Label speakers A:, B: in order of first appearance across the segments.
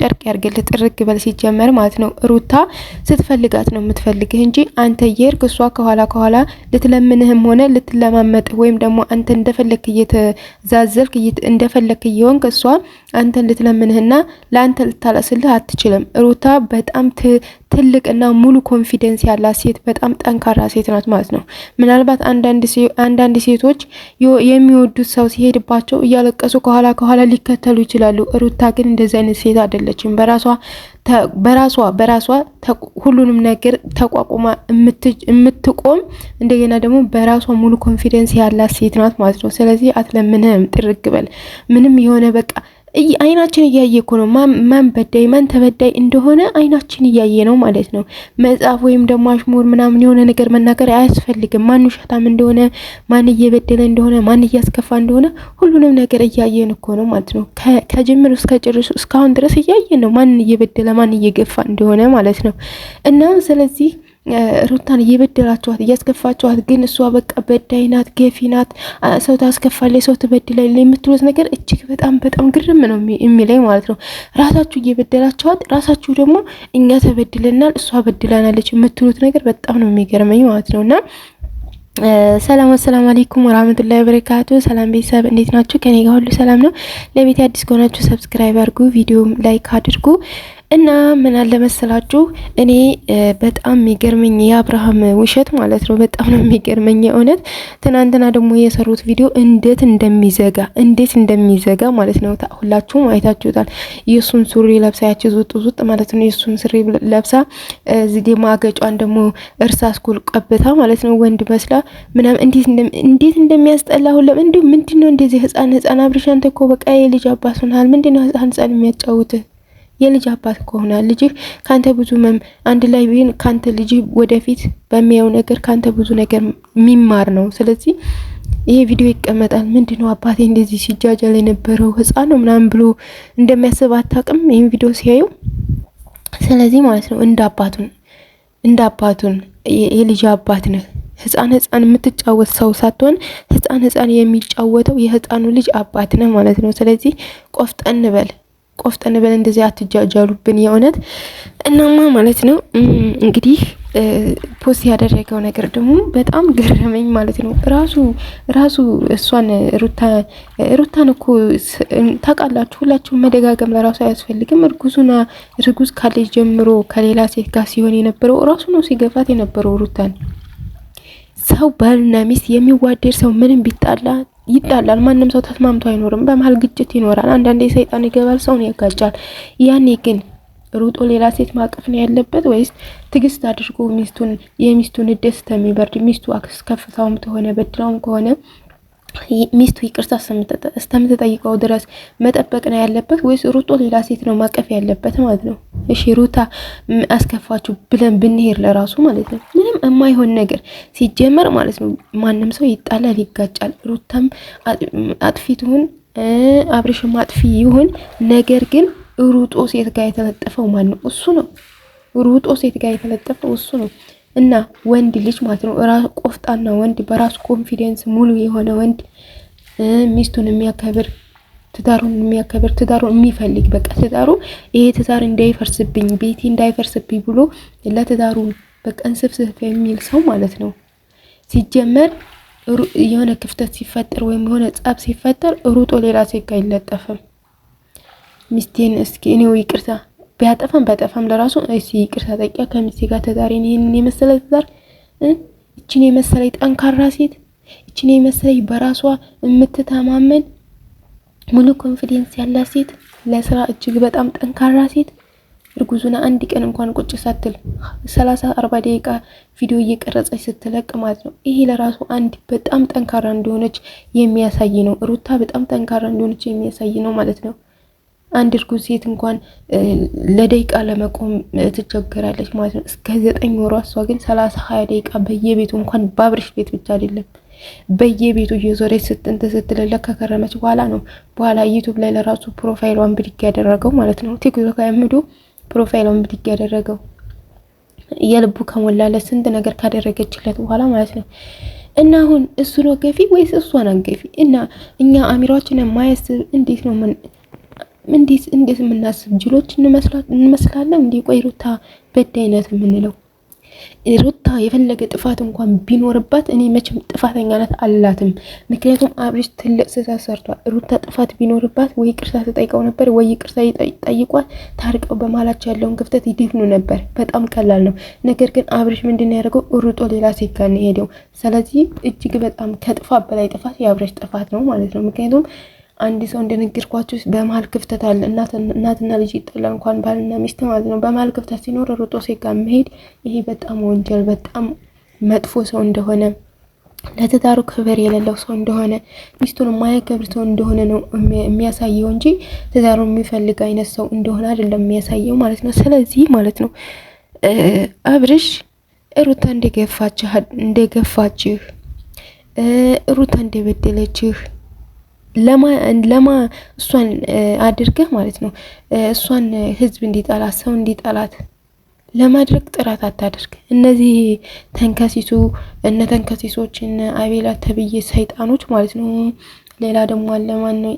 A: ጨርቅ ያርግልህ ጥርግ በል ሲጀመር ማለት ነው። ሩታ ስትፈልጋት ነው የምትፈልግህ እንጂ አንተ የርክ እሷ ከኋላ ከኋላ ልትለምንህም ሆነ ልትለማመጥህ ወይም ደግሞ አንተ እንደፈለክ እየተዛዘልክ እንደፈለክ እየሆንክ እሷ አንተን ልትለምንህና ለአንተ ልታለስልህ አትችልም። ሩታ በጣም ትልቅና ሙሉ ኮንፊደንስ ያላት ሴት በጣም ጠንካራ ሴት ናት ማለት ነው። ምናልባት አንዳንድ ሴቶች የሚወዱት ሰው ሲሄድባቸው እያለቀሱ ከኋላ ከኋላ ሊከተሉ ይችላሉ። ሩታ ግን እንደዚህ አይነት ሴት አይደለችም። በራሷ በራሷ በራሷ ሁሉንም ነገር ተቋቁማ የምትቆም እንደገና ደግሞ በራሷ ሙሉ ኮንፊደንስ ያላት ሴት ናት ማለት ነው። ስለዚህ አትለምንህም፣ ጥርግበል ምንም የሆነ በቃ አይናችን እያየ እኮ ነው ማን በዳይ ማን ተበዳይ እንደሆነ አይናችን እያየ ነው ማለት ነው። መጽሐፍ ወይም ደግሞ አሽሙር ምናምን የሆነ ነገር መናገር አያስፈልግም። ማን ውሸታም እንደሆነ ማን እየበደለ እንደሆነ ማን እያስከፋ እንደሆነ ሁሉንም ነገር እያየን እኮ ነው ማለት ነው። ከጅምር እስከ ጭርሱ እስካሁን ድረስ እያየን ነው ማን እየበደለ ማን እየገፋ እንደሆነ ማለት ነው እና ስለዚህ ሩታን እየበደላችኋት እያስከፋችኋት፣ ግን እሷ በቃ በዳይ ናት፣ ገፊ ናት፣ ሰው ታስከፋለ፣ ሰው ትበድላል የምትሉት ነገር እጅግ በጣም በጣም ግርም ነው የሚለኝ ማለት ነው። ራሳችሁ እየበደላችኋት፣ ራሳችሁ ደግሞ እኛ ተበድለናል፣ እሷ በድላናለች የምትሉት ነገር በጣም ነው የሚገርመኝ ማለት ነው እና ሰላም አሰላም አለይኩም ወራህመቱላሂ ወበረካቱ። ሰላም ቤተሰብ እንዴት ናችሁ? ከኔ ጋር ሁሉ ሰላም ነው። ለቤት አዲስ ከሆናችሁ ሰብስክራይብ አድርጉ፣ ቪዲዮም ላይክ አድርጉ። እና ምን አለ መሰላችሁ እኔ በጣም የሚገርመኝ የአብርሃም ውሸት ማለት ነው። በጣም ነው የሚገርመኝ የእውነት። ትናንትና ደግሞ የሰሩት ቪዲዮ እንዴት እንደሚዘጋ እንዴት እንደሚዘጋ ማለት ነው። ሁላችሁም አይታችሁታል። የእሱን ሱሪ ለብሳ ያች ዙጥ ዙጥ ማለት ነው የእሱን ሱሪ ለብሳ እዚህ ደግሞ አገጯን ደግሞ እርሳስ ኩል ቀብታ ማለት ነው ወንድ መስላ ምናምን እንዴት እንደሚያስጠላ ሁለም። እንዲሁ ምንድን ነው እንደዚህ ህፃን ህፃን አብርሻን ተኮ በቃ የልጅ አባት ሆነሃል። ምንድን ነው ህፃን ህፃን የሚያጫውትህ የልጅ አባት ከሆነ ልጅህ ካንተ ብዙ አንድ ላይ ቢሆን ካንተ ልጅህ ወደፊት በሚያየው ነገር ካንተ ብዙ ነገር የሚማር ነው። ስለዚህ ይሄ ቪዲዮ ይቀመጣል። ምንድነው አባቴ እንደዚህ ሲጃጃል የነበረው ህፃን ነው ምናምን ብሎ እንደሚያስብ አታውቅም፣ ይህን ቪዲዮ ሲያዩ። ስለዚህ ማለት ነው እንደ አባቱን እንደ አባቱን የልጅ አባት ነህ። ህፃን ህፃን የምትጫወት ሰው ሳትሆን ህፃን ህፃን የሚጫወተው የህፃኑ ልጅ አባት ነህ ማለት ነው። ስለዚህ ቆፍጠን በል። ቆፍጠን ብለን እንደዚህ አትጃጃሉብን የእውነት እናማ ማለት ነው እንግዲህ ፖስት ያደረገው ነገር ደግሞ በጣም ገረመኝ ማለት ነው። ራሱ ራሱ እሷን ሩታ ሩታን እኮ ታውቃላችሁ፣ ሁላችሁም መደጋገም ለራሱ አያስፈልግም። እርጉዙና ርጉዝ ካለች ጀምሮ ከሌላ ሴት ጋር ሲሆን የነበረው ራሱ ነው ሲገፋት የነበረው ሩታን። ሰው ባልና ሚስት የሚዋደድ ሰው ምንም ቢጣላ ይጣላል። ማንም ሰው ተስማምቶ አይኖርም። በመሀል ግጭት ይኖራል። አንዳንዴ ሰይጣን ይገባል፣ ሰውን ያጋጫል። ያኔ ግን ሩጦ ሌላ ሴት ማቀፍ ነው ያለበት ወይስ ትግስት አድርጎ ሚስቱን የሚስቱን ደስታ የሚበርድ ሚስቱ ከፍታውም ተሆነ በድላውም ከሆነ ሚስቱ ይቅርታ እስከምትጠይቀው ድረስ መጠበቅ ነው ያለበት ወይስ ሩጦ ሌላ ሴት ነው ማቀፍ ያለበት ማለት ነው? እሺ ሩታ አስከፋችሁ ብለን ብንሄድ ለራሱ ማለት ነው ምንም የማይሆን ነገር ሲጀመር ማለት ነው። ማንም ሰው ይጣላል፣ ይጋጫል። ሩታም አጥፊ ትሁን አብርሽም አጥፊ ይሁን፣ ነገር ግን ሩጦ ሴት ጋር የተለጠፈው ማን ነው? እሱ ነው። ሩጦ ሴት ጋር የተለጠፈው እሱ ነው። እና ወንድ ልጅ ማለት ነው ራሱ ቆፍጣና ወንድ፣ በራሱ ኮንፊደንስ ሙሉ የሆነ ወንድ፣ ሚስቱን የሚያከብር ትዳሩን የሚያከብር ትዳሩን የሚፈልግ በቃ ትዳሩ ይሄ ትዳር እንዳይፈርስብኝ ቤቴ እንዳይፈርስብኝ ብሎ ለትዳሩ በቃ እንስፍስፍ የሚል ሰው ማለት ነው። ሲጀመር የሆነ ክፍተት ሲፈጠር ወይም የሆነ ጸብ ሲፈጠር ሩጦ ሌላ ሴት ጋር አይለጠፍም። ሚስቴን እስኪ እኔው ይቅርታ ቢያጠፋም ባጠፋም ለራሱ እሺ ይቅርታ ጠይቂያ ከሚስቴ ጋር ትዳሬን ይህንን የመሰለ ትዳር እችን የመሰለ ጠንካራ ሴት እችን የመሰለ በራሷ የምትተማመን ሙሉ ኮንፊደንስ ያላት ሴት ለስራ እጅግ በጣም ጠንካራ ሴት እርጉዙና አንድ ቀን እንኳን ቁጭ ሳትል ሰላሳ አርባ ደቂቃ ቪዲዮ እየቀረጸች ስትለቅ ማለት ነው። ይሄ ለራሱ አንድ በጣም ጠንካራ እንደሆነች የሚያሳይ ነው። ሩታ በጣም ጠንካራ እንደሆነች የሚያሳይ ነው ማለት ነው። አንድ እርጉዝ ሴት እንኳን ለደቂቃ ለመቆም ትቸገራለች ማለት ነው። እስከ ዘጠኝ ወሯ እሷ ግን ሰላሳ ሀያ ደቂቃ በየቤቱ እንኳን በአብርሽ ቤት ብቻ አይደለም በየቤቱ እየዞረች ስትንት ስትለለ ከከረመች በኋላ ነው በኋላ ዩቱብ ላይ ለራሱ ፕሮፋይሏን ብድግ ያደረገው ማለት ነው። ቲክቶክ ያምዶ ፕሮፋይሏን ብድግ ያደረገው የልቡ ከሞላለት ስንት ነገር ካደረገችለት በኋላ ማለት ነው። እና አሁን እሱ ነው ገፊ ወይስ እሷን አገፊ? እና እኛ አሚሯችን የማያስብ እንዴት ነው ምን እንዴት እንዴት የምናስብ ጅሎች እንመስላለን? እንዲ ቆይ ሩታ በዳይ ናት የምንለው ሩታ የፈለገ ጥፋት እንኳን ቢኖርባት እኔ መቼም ጥፋተኛነት አላትም። ምክንያቱም አብርሽ ትልቅ ስህተት ሰርቷል። ሩታ ጥፋት ቢኖርባት ወይ ቅርሳ ተጠይቀው ነበር ወይ ቅርሳ ጠይቋት ታርቀው በማላቸው ያለውን ክፍተት ይድፍኑ ነበር። በጣም ቀላል ነው። ነገር ግን አብሪሽ ምንድን ያደርገው ሩጦ ሌላ ሴት ጋር ነው የሄደው። ስለዚህ እጅግ በጣም ከጥፋት በላይ ጥፋት የአብርሽ ጥፋት ነው ማለት ነው ምክንያቱም አንድ ሰው እንደነገርኳችሁ በመሀል ክፍተት አለ። እናትና ልጅ ይጠላ እንኳን ባልና ሚስት ማለት ነው። በመሀል ክፍተት ሲኖር ሩጦ ሴጋ መሄድ ይሄ በጣም ወንጀል፣ በጣም መጥፎ ሰው እንደሆነ ለትዳሩ ክብር የሌለው ሰው እንደሆነ ሚስቱን የማያከብር ሰው እንደሆነ ነው የሚያሳየው እንጂ ትዳሩ የሚፈልግ አይነት ሰው እንደሆነ አይደለም የሚያሳየው ማለት ነው። ስለዚህ ማለት ነው አብርሽ ሩታ እንደገፋችህ እንደገፋችህ ሩታ እንደበደለችህ ለማ እሷን አድርገህ ማለት ነው እሷን ህዝብ እንዲጠላት ሰው እንዲጠላት ለማድረግ ጥረት አታድርግ። እነዚህ ተንከሲሱ እነ ተንከሲሶች እነ አቤላ ተብዬ ሰይጣኖች ማለት ነው። ሌላ ደግሞ አለማን ነው።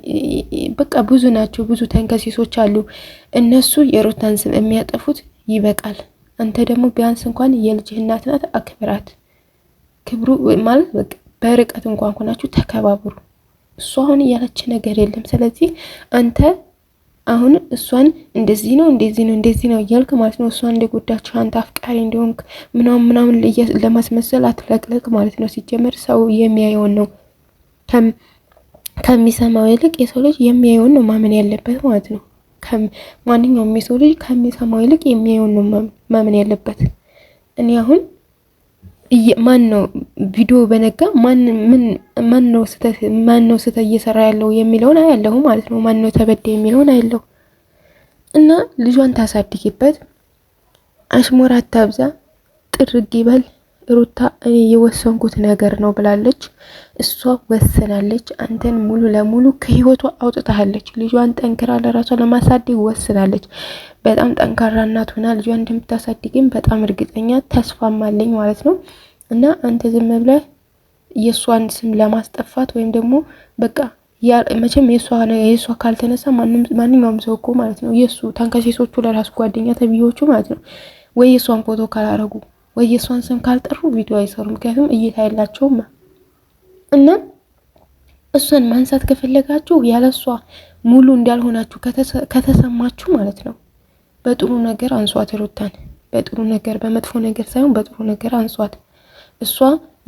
A: በቃ ብዙ ናቸው፣ ብዙ ተንከሲሶች አሉ። እነሱ የሩታን ስም የሚያጠፉት ይበቃል። አንተ ደግሞ ቢያንስ እንኳን የልጅህ እናት ናት፣ አክብራት። ክብሩ ማለት በርቀት እንኳን ሆናችሁ ተከባብሩ። እሱ አሁን እያለች ነገር የለም። ስለዚህ አንተ አሁን እሷን እንደዚህ ነው እንደዚህ ነው እንደዚህ ነው እያልክ ማለት ነው። እሷን እንደጎዳችሁ አንተ አፍቃሪ እንዲሆንክ ምናምን ምናምን ለማስመሰል አትለቅለቅ ማለት ነው። ሲጀመር ሰው የሚያየውን ነው ከሚሰማው ይልቅ የሰው ልጅ የሚያየውን ነው ማመን ያለበት ማለት ነው። ማንኛውም የሰው ልጅ ከሚሰማው ይልቅ የሚያየውን ነው ማመን ያለበት። እኔ አሁን ማን ነው ቪዲዮ በነጋ ማን ነው ስተት ማን ነው እየሰራ ያለው የሚለውን አያለሁ ማለት ነው። ማን ነው ተበደ የሚለውን አያለሁ እና ልጇን ታሳድግበት አሽሞራ አታብዛ፣ ጥርግ ይበል። ሩታ እኔ የወሰንኩት ነገር ነው ብላለች። እሷ ወስናለች። አንተን ሙሉ ለሙሉ ከህይወቷ አውጥታለች ልጇን ጠንክራ ለራሷ ለማሳደግ ወስናለች። በጣም ጠንካራ እናት ሆና ልጇን እንደምታሳድግም በጣም እርግጠኛ ተስፋም አለኝ ማለት ነው። እና አንተ ዝም ብለህ የእሷን ስም ለማስጠፋት ወይም ደግሞ በቃ መቼም የእሷ ካልተነሳ ማንኛውም ሰው እኮ ማለት ነው የእሱ ተንከሴሶቹ ለራሱ ጓደኛ ተብዬዎቹ ማለት ነው ወይ የእሷን ፎቶ ካላረጉ ወይ የእሷን ስም ካልጠሩ ቪዲዮ አይሰሩ። ምክንያቱም እይታ የላቸውም እና እሷን ማንሳት ከፈለጋችሁ ያለሷ ሙሉ እንዳልሆናችሁ ከተሰማችሁ ማለት ነው በጥሩ ነገር አንሷት። ሩታን በጥሩ ነገር በመጥፎ ነገር ሳይሆን በጥሩ ነገር አንሷት። እሷ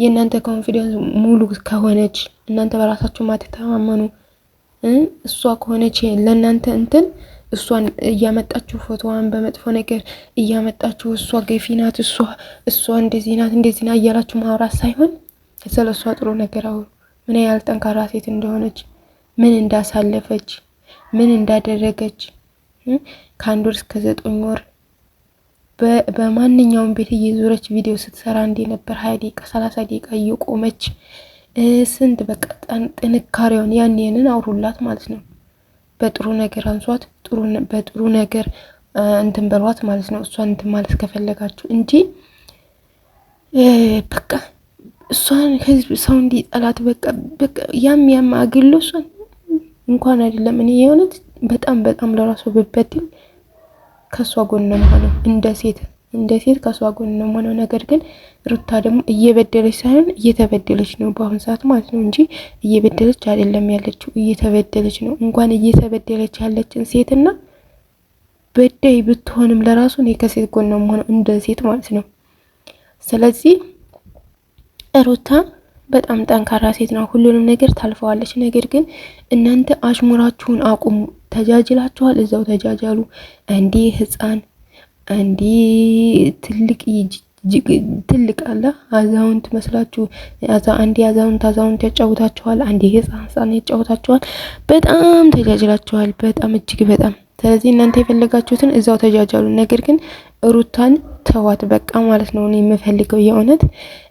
A: የእናንተ ኮንፊደንስ ሙሉ ከሆነች እናንተ በራሳችሁ ማትተማመኑ እሷ ከሆነች ለእናንተ እንትን እሷን እያመጣችሁ ፎቶዋን በመጥፎ ነገር እያመጣችሁ እሷ ገፊ ናት፣ እሷ እሷ እንደዚህ ናት እንደዚህ ናት እያላችሁ ማውራት ሳይሆን ስለ እሷ ጥሩ ነገር አውሩ። ምን ያህል ጠንካራ ሴት እንደሆነች፣ ምን እንዳሳለፈች፣ ምን እንዳደረገች ከአንድ ወር እስከ ዘጠኝ ወር በማንኛውም ቤት እየዞረች ቪዲዮ ስትሰራ እንዴ ነበር። ሀያ ደቂቃ ሰላሳ ደቂቃ እየቆመች ስንት በቃ ጥንካሬውን ያንንን አውሩላት ማለት ነው። በጥሩ ነገር አንሷት፣ በጥሩ ነገር እንትን በሏት ማለት ነው። እሷን እንትን ማለት ከፈለጋችሁ እንጂ በቃ እሷን ህዝብ ሰው እንዲ ጠላት በቃ በቃ ያም ያም አግሎ እሷን እንኳን አይደለም እኔ የሆነት በጣም በጣም ለራሱ ብበድል ከእሷ ጎን ነው እንደ ሴት እንደ ሴት ከሷ ጎን ነው የሆነው። ነገር ግን ሩታ ደግሞ እየበደለች ሳይሆን እየተበደለች ነው በአሁን ሰዓት ማለት ነው እንጂ እየበደለች አይደለም ያለችው፣ እየተበደለች ነው። እንኳን እየተበደለች ያለችን ሴትና በዳይ ብትሆንም ለራሱ እኔ ከሴት ጎን ነው የሆነው እንደ ሴት ማለት ነው። ስለዚህ ሩታ በጣም ጠንካራ ሴት ነው። ሁሉንም ነገር ታልፈዋለች። ነገር ግን እናንተ አሽሙራችሁን አቁሙ። ተጃጅላችኋል፣ እዛው ተጃጃሉ። እንዲህ ህፃን እንዲ ትልቅ ትልቅ አለ አዛውንት መስላችሁ አንዴ አዛውንት አዛውንት ያጫውታችኋል፣ አንዴ ህፃን ህፃን ያጫውታችኋል። በጣም ተጃጅላችኋል፣ በጣም እጅግ በጣም ስለዚህ እናንተ የፈለጋችሁትን እዛው ተጃጃሉ። ነገር ግን ሩታን ተዋት በቃ ማለት ነው እኔ የምፈልገው የእውነት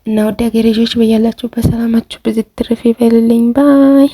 A: እና ወደ ሀገሬ ልጆች በያላችሁ በሰላማችሁ ብዝትርፍ ይበልልኝ ባይ